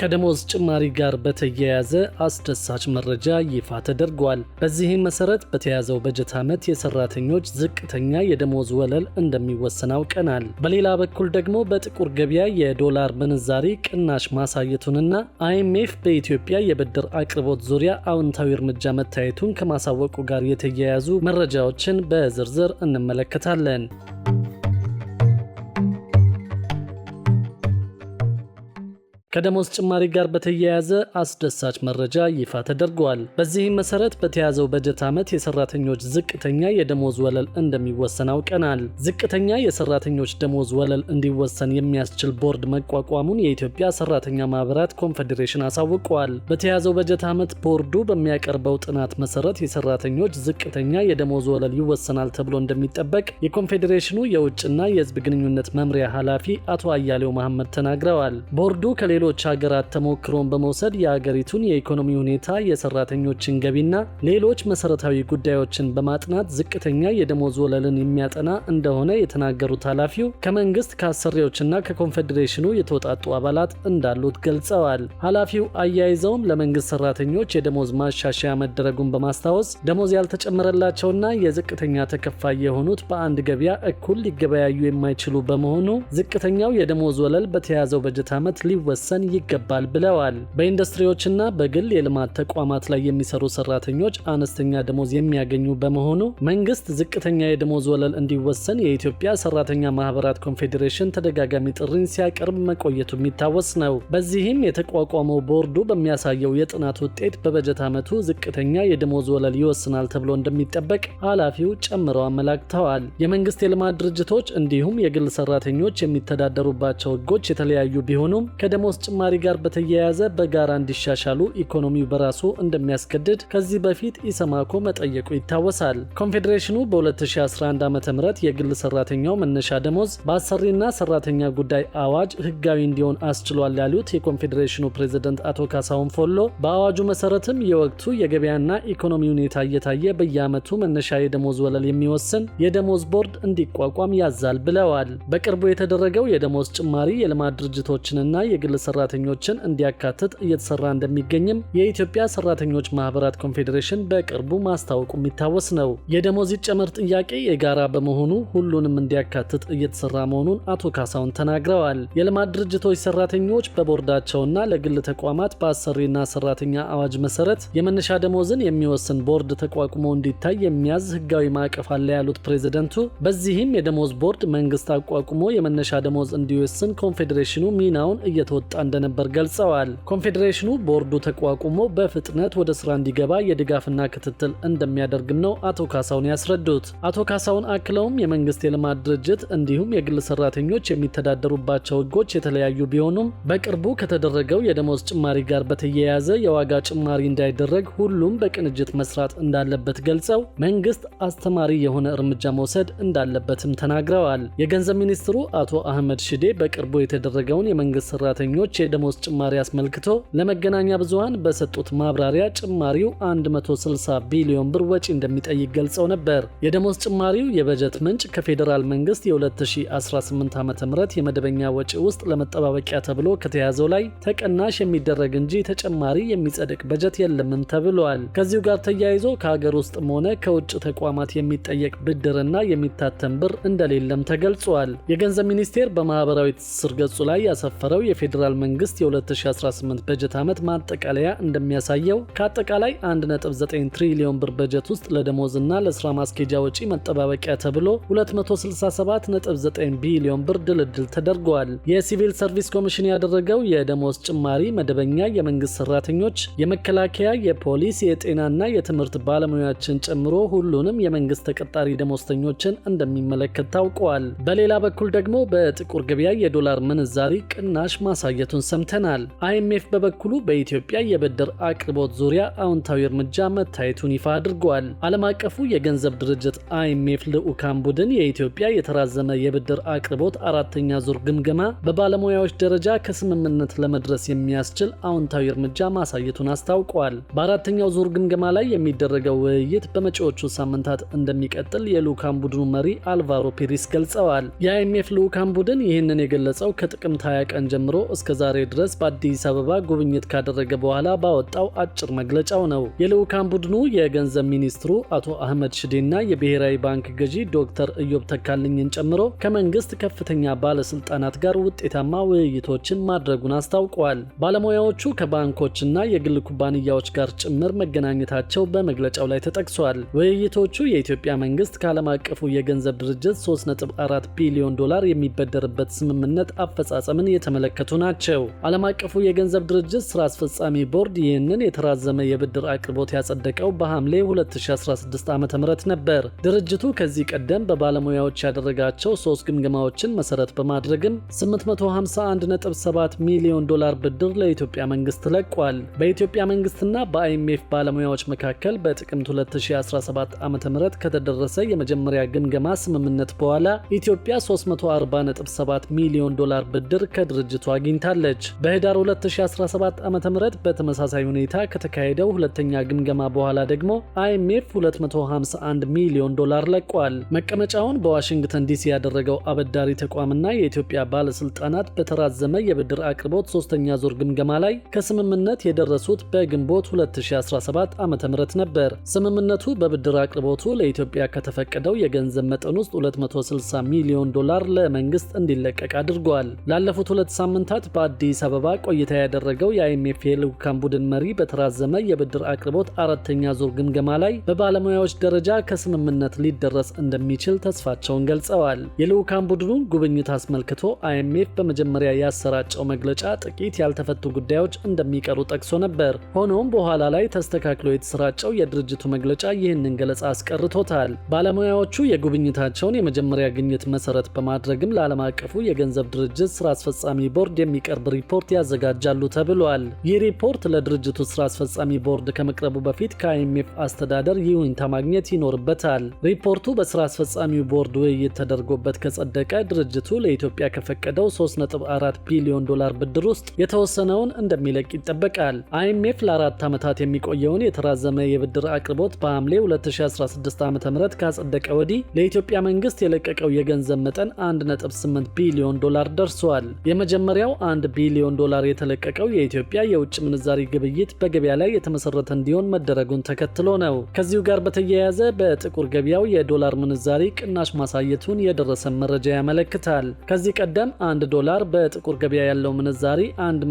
ከደሞዝ ጭማሪ ጋር በተያያዘ አስደሳች መረጃ ይፋ ተደርጓል። በዚህም መሰረት በተያዘው በጀት ዓመት የሰራተኞች ዝቅተኛ የደሞዝ ወለል እንደሚወሰን አውቀናል። በሌላ በኩል ደግሞ በጥቁር ገበያ የዶላር ምንዛሪ ቅናሽ ማሳየቱንና አይኤምኤፍ በኢትዮጵያ የብድር አቅርቦት ዙሪያ አዎንታዊ እርምጃ መታየቱን ከማሳወቁ ጋር የተያያዙ መረጃዎችን በዝርዝር እንመለከታለን። ከደሞዝ ጭማሪ ጋር በተያያዘ አስደሳች መረጃ ይፋ ተደርጓል። በዚህም መሰረት በተያዘው በጀት ዓመት የሰራተኞች ዝቅተኛ የደሞዝ ወለል እንደሚወሰን አውቀናል። ዝቅተኛ የሰራተኞች ደሞዝ ወለል እንዲወሰን የሚያስችል ቦርድ መቋቋሙን የኢትዮጵያ ሰራተኛ ማህበራት ኮንፌዴሬሽን አሳውቋል። በተያዘው በጀት ዓመት ቦርዱ በሚያቀርበው ጥናት መሰረት የሰራተኞች ዝቅተኛ የደሞዝ ወለል ይወሰናል ተብሎ እንደሚጠበቅ የኮንፌዴሬሽኑ የውጭና የህዝብ ግንኙነት መምሪያ ኃላፊ አቶ አያሌው መሐመድ ተናግረዋል። ቦርዱ ከሌሎ ከሌሎች ሀገራት ተሞክሮን በመውሰድ የአገሪቱን የኢኮኖሚ ሁኔታ፣ የሰራተኞችን ገቢና ሌሎች መሰረታዊ ጉዳዮችን በማጥናት ዝቅተኛ የደሞዝ ወለልን የሚያጠና እንደሆነ የተናገሩት ኃላፊው ከመንግስት ከአሰሪዎችና ከኮንፌዴሬሽኑ የተውጣጡ አባላት እንዳሉት ገልጸዋል። ኃላፊው አያይዘውም ለመንግስት ሰራተኞች የደሞዝ ማሻሻያ መደረጉን በማስታወስ ደሞዝ ያልተጨመረላቸውና የዝቅተኛ ተከፋይ የሆኑት በአንድ ገበያ እኩል ሊገበያዩ የማይችሉ በመሆኑ ዝቅተኛው የደሞዝ ወለል በተያዘው በጀት ዓመት ሊወሰን ሊወሰን ይገባል ብለዋል። በኢንዱስትሪዎችና በግል የልማት ተቋማት ላይ የሚሰሩ ሰራተኞች አነስተኛ ደሞዝ የሚያገኙ በመሆኑ መንግስት ዝቅተኛ የደሞዝ ወለል እንዲወሰን የኢትዮጵያ ሰራተኛ ማህበራት ኮንፌዴሬሽን ተደጋጋሚ ጥሪን ሲያቀርብ መቆየቱ የሚታወስ ነው። በዚህም የተቋቋመው ቦርዱ በሚያሳየው የጥናት ውጤት በበጀት ዓመቱ ዝቅተኛ የደሞዝ ወለል ይወስናል ተብሎ እንደሚጠበቅ ኃላፊው ጨምረው አመላክተዋል። የመንግስት የልማት ድርጅቶች እንዲሁም የግል ሰራተኞች የሚተዳደሩባቸው ህጎች የተለያዩ ቢሆኑም ከደሞዝ ጭማሪ ጋር በተያያዘ በጋራ እንዲሻሻሉ ኢኮኖሚው በራሱ እንደሚያስገድድ ከዚህ በፊት ኢሰማኮ መጠየቁ ይታወሳል። ኮንፌዴሬሽኑ በ2011 ዓ ም የግል ሰራተኛው መነሻ ደሞዝ በአሰሪና ሰራተኛ ጉዳይ አዋጅ ህጋዊ እንዲሆን አስችሏል ያሉት የኮንፌዴሬሽኑ ፕሬዝደንት አቶ ካሳሁን ፎሎ በአዋጁ መሰረትም የወቅቱ የገበያና ኢኮኖሚ ሁኔታ እየታየ በየዓመቱ መነሻ የደሞዝ ወለል የሚወስን የደሞዝ ቦርድ እንዲቋቋም ያዛል ብለዋል። በቅርቡ የተደረገው የደሞዝ ጭማሪ የልማት ድርጅቶችንና የግል ሰራተኞችን እንዲያካትት እየተሰራ እንደሚገኝም የኢትዮጵያ ሰራተኞች ማህበራት ኮንፌዴሬሽን በቅርቡ ማስታወቁ የሚታወስ ነው። የደሞዝ ይጨመር ጥያቄ የጋራ በመሆኑ ሁሉንም እንዲያካትት እየተሰራ መሆኑን አቶ ካሳውን ተናግረዋል። የልማት ድርጅቶች ሰራተኞች በቦርዳቸውና ለግል ተቋማት በአሰሪና ሰራተኛ አዋጅ መሰረት የመነሻ ደሞዝን የሚወስን ቦርድ ተቋቁሞ እንዲታይ የሚያዝ ህጋዊ ማዕቀፍ አለ ያሉት ፕሬዝደንቱ፣ በዚህም የደሞዝ ቦርድ መንግስት አቋቁሞ የመነሻ ደሞዝ እንዲወስን ኮንፌዴሬሽኑ ሚናውን እየተወጣ እየወጣ እንደነበር ገልጸዋል። ኮንፌዴሬሽኑ ቦርዱ ተቋቁሞ በፍጥነት ወደ ስራ እንዲገባ የድጋፍና ክትትል እንደሚያደርግም ነው አቶ ካሳውን ያስረዱት። አቶ ካሳውን አክለውም የመንግስት የልማት ድርጅት እንዲሁም የግል ሰራተኞች የሚተዳደሩባቸው ህጎች የተለያዩ ቢሆኑም በቅርቡ ከተደረገው የደሞዝ ጭማሪ ጋር በተያያዘ የዋጋ ጭማሪ እንዳይደረግ ሁሉም በቅንጅት መስራት እንዳለበት ገልጸው መንግስት አስተማሪ የሆነ እርምጃ መውሰድ እንዳለበትም ተናግረዋል። የገንዘብ ሚኒስትሩ አቶ አህመድ ሽዴ በቅርቡ የተደረገውን የመንግስት ሰራተኞች ሰራተኞች የደሞዝ ጭማሪ አስመልክቶ ለመገናኛ ብዙሃን በሰጡት ማብራሪያ ጭማሪው 160 ቢሊዮን ብር ወጪ እንደሚጠይቅ ገልጸው ነበር። የደሞዝ ጭማሪው የበጀት ምንጭ ከፌዴራል መንግስት የ2018 ዓ ም የመደበኛ ወጪ ውስጥ ለመጠባበቂያ ተብሎ ከተያዘው ላይ ተቀናሽ የሚደረግ እንጂ ተጨማሪ የሚጸድቅ በጀት የለምም ተብሏል። ከዚሁ ጋር ተያይዞ ከሀገር ውስጥም ሆነ ከውጭ ተቋማት የሚጠየቅ ብድርና የሚታተም ብር እንደሌለም ተገልጿል። የገንዘብ ሚኒስቴር በማህበራዊ ትስስር ገጹ ላይ ያሰፈረው የፌዴራል የፌዴራል መንግስት የ2018 በጀት ዓመት ማጠቃለያ እንደሚያሳየው ከአጠቃላይ 1.9 ትሪሊዮን ብር በጀት ውስጥ ለደሞዝና ለስራ ማስኬጃ ወጪ መጠባበቂያ ተብሎ 267.9 ቢሊዮን ብር ድልድል ተደርገዋል። የሲቪል ሰርቪስ ኮሚሽን ያደረገው የደሞዝ ጭማሪ መደበኛ የመንግስት ሰራተኞች፣ የመከላከያ፣ የፖሊስ፣ የጤናና የትምህርት ባለሙያዎችን ጨምሮ ሁሉንም የመንግስት ተቀጣሪ ደሞዝተኞችን እንደሚመለከት ታውቋል። በሌላ በኩል ደግሞ በጥቁር ገበያ የዶላር ምንዛሪ ቅናሽ ማሳየት መዘግየቱን ሰምተናል። አይኤምኤፍ በበኩሉ በኢትዮጵያ የብድር አቅርቦት ዙሪያ አዎንታዊ እርምጃ መታየቱን ይፋ አድርጓል። ዓለም አቀፉ የገንዘብ ድርጅት አይኤምኤፍ ልዑካን ቡድን የኢትዮጵያ የተራዘመ የብድር አቅርቦት አራተኛ ዙር ግምገማ በባለሙያዎች ደረጃ ከስምምነት ለመድረስ የሚያስችል አዎንታዊ እርምጃ ማሳየቱን አስታውቋል። በአራተኛው ዙር ግምገማ ላይ የሚደረገው ውይይት በመጪዎቹ ሳምንታት እንደሚቀጥል የልዑካን ቡድኑ መሪ አልቫሮ ፒሪስ ገልጸዋል። የአይኤምኤፍ ልዑካን ቡድን ይህንን የገለጸው ከጥቅምት 20 ቀን ጀምሮ እስከ እስከዛሬ ድረስ በአዲስ አበባ ጉብኝት ካደረገ በኋላ ባወጣው አጭር መግለጫው ነው። የልዑካን ቡድኑ የገንዘብ ሚኒስትሩ አቶ አህመድ ሽዴና የብሔራዊ ባንክ ገዢ ዶክተር እዮብ ተካልኝን ጨምሮ ከመንግስት ከፍተኛ ባለስልጣናት ጋር ውጤታማ ውይይቶችን ማድረጉን አስታውቋል። ባለሙያዎቹ ከባንኮችና የግል ኩባንያዎች ጋር ጭምር መገናኘታቸው በመግለጫው ላይ ተጠቅሷል። ውይይቶቹ የኢትዮጵያ መንግስት ከዓለም አቀፉ የገንዘብ ድርጅት 3.4 ቢሊዮን ዶላር የሚበደርበት ስምምነት አፈጻጸምን የተመለከቱ ናቸው። ናቸው። ዓለም አቀፉ የገንዘብ ድርጅት ስራ አስፈጻሚ ቦርድ ይህንን የተራዘመ የብድር አቅርቦት ያጸደቀው በሐምሌ 2016 ዓ ም ነበር። ድርጅቱ ከዚህ ቀደም በባለሙያዎች ያደረጋቸው ሶስት ግምገማዎችን መሰረት በማድረግም 851.7 ሚሊዮን ዶላር ብድር ለኢትዮጵያ መንግስት ለቋል። በኢትዮጵያ መንግስትና በአይኤምኤፍ ባለሙያዎች መካከል በጥቅምት 2017 ዓ ም ከተደረሰ የመጀመሪያ ግምገማ ስምምነት በኋላ ኢትዮጵያ 340.7 ሚሊዮን ዶላር ብድር ከድርጅቱ አግኝታል አስታውቃለች። በህዳር 2017 ዓ ም በተመሳሳይ ሁኔታ ከተካሄደው ሁለተኛ ግምገማ በኋላ ደግሞ አይኤምኤፍ 251 ሚሊዮን ዶላር ለቋል። መቀመጫውን በዋሽንግተን ዲሲ ያደረገው አበዳሪ ተቋምና የኢትዮጵያ ባለስልጣናት በተራዘመ የብድር አቅርቦት ሶስተኛ ዙር ግምገማ ላይ ከስምምነት የደረሱት በግንቦት 2017 ዓ ም ነበር። ስምምነቱ በብድር አቅርቦቱ ለኢትዮጵያ ከተፈቀደው የገንዘብ መጠን ውስጥ 260 ሚሊዮን ዶላር ለመንግስት እንዲለቀቅ አድርጓል። ላለፉት ሁለት ሳምንታት በአዲስ አበባ ቆይታ ያደረገው የአይኤምኤፍ የልዑካን ቡድን መሪ በተራዘመ የብድር አቅርቦት አራተኛ ዙር ግምገማ ላይ በባለሙያዎች ደረጃ ከስምምነት ሊደረስ እንደሚችል ተስፋቸውን ገልጸዋል። የልዑካን ቡድኑን ጉብኝት አስመልክቶ አይኤምኤፍ በመጀመሪያ ያሰራጨው መግለጫ ጥቂት ያልተፈቱ ጉዳዮች እንደሚቀሩ ጠቅሶ ነበር። ሆኖም በኋላ ላይ ተስተካክሎ የተሰራጨው የድርጅቱ መግለጫ ይህንን ገለጻ አስቀርቶታል። ባለሙያዎቹ የጉብኝታቸውን የመጀመሪያ ግኝት መሰረት በማድረግም ለዓለም አቀፉ የገንዘብ ድርጅት ስራ አስፈጻሚ ቦርድ የሚ የሚቀርብ ሪፖርት ያዘጋጃሉ ተብሏል። ይህ ሪፖርት ለድርጅቱ ስራ አስፈጻሚ ቦርድ ከመቅረቡ በፊት ከአይኤምኤፍ አስተዳደር ይሁንታ ማግኘት ይኖርበታል። ሪፖርቱ በስራ አስፈጻሚው ቦርድ ውይይት ተደርጎበት ከጸደቀ ድርጅቱ ለኢትዮጵያ ከፈቀደው 3.4 ቢሊዮን ዶላር ብድር ውስጥ የተወሰነውን እንደሚለቅ ይጠበቃል። አይኤምኤፍ ለአራት ዓመታት የሚቆየውን የተራዘመ የብድር አቅርቦት በሐምሌ 2016 ዓ ም ካጸደቀ ወዲህ ለኢትዮጵያ መንግስት የለቀቀው የገንዘብ መጠን 1.8 ቢሊዮን ዶላር ደርሷል። የመጀመሪያው 1 ቢሊዮን ዶላር የተለቀቀው የኢትዮጵያ የውጭ ምንዛሪ ግብይት በገበያ ላይ የተመሰረተ እንዲሆን መደረጉን ተከትሎ ነው። ከዚሁ ጋር በተያያዘ በጥቁር ገበያው የዶላር ምንዛሪ ቅናሽ ማሳየቱን የደረሰን መረጃ ያመለክታል። ከዚህ ቀደም 1 ዶላር በጥቁር ገበያ ያለው ምንዛሪ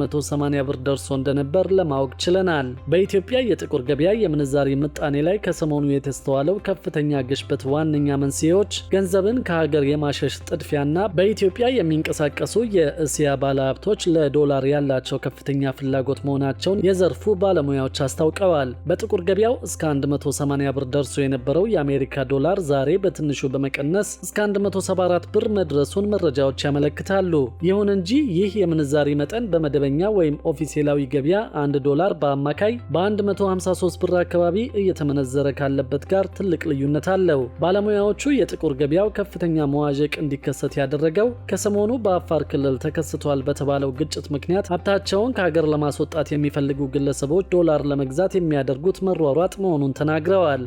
180 ብር ደርሶ እንደነበር ለማወቅ ችለናል። በኢትዮጵያ የጥቁር ገበያ የምንዛሪ ምጣኔ ላይ ከሰሞኑ የተስተዋለው ከፍተኛ ግሽበት ዋነኛ መንስኤዎች ገንዘብን ከሀገር የማሸሽ ጥድፊያና በኢትዮጵያ የሚንቀሳቀሱ የእስያ ባለሀብቶች ሰዎች ለዶላር ያላቸው ከፍተኛ ፍላጎት መሆናቸውን የዘርፉ ባለሙያዎች አስታውቀዋል። በጥቁር ገበያው እስከ 180 ብር ደርሶ የነበረው የአሜሪካ ዶላር ዛሬ በትንሹ በመቀነስ እስከ 174 ብር መድረሱን መረጃዎች ያመለክታሉ። ይሁን እንጂ ይህ የምንዛሪ መጠን በመደበኛ ወይም ኦፊሴላዊ ገበያ 1 ዶላር በአማካይ በ153 ብር አካባቢ እየተመነዘረ ካለበት ጋር ትልቅ ልዩነት አለው። ባለሙያዎቹ የጥቁር ገበያው ከፍተኛ መዋዠቅ እንዲከሰት ያደረገው ከሰሞኑ በአፋር ክልል ተከስቷል በተባለ በተባለው ግጭት ምክንያት ሀብታቸውን ከሀገር ለማስወጣት የሚፈልጉ ግለሰቦች ዶላር ለመግዛት የሚያደርጉት መሯሯጥ መሆኑን ተናግረዋል።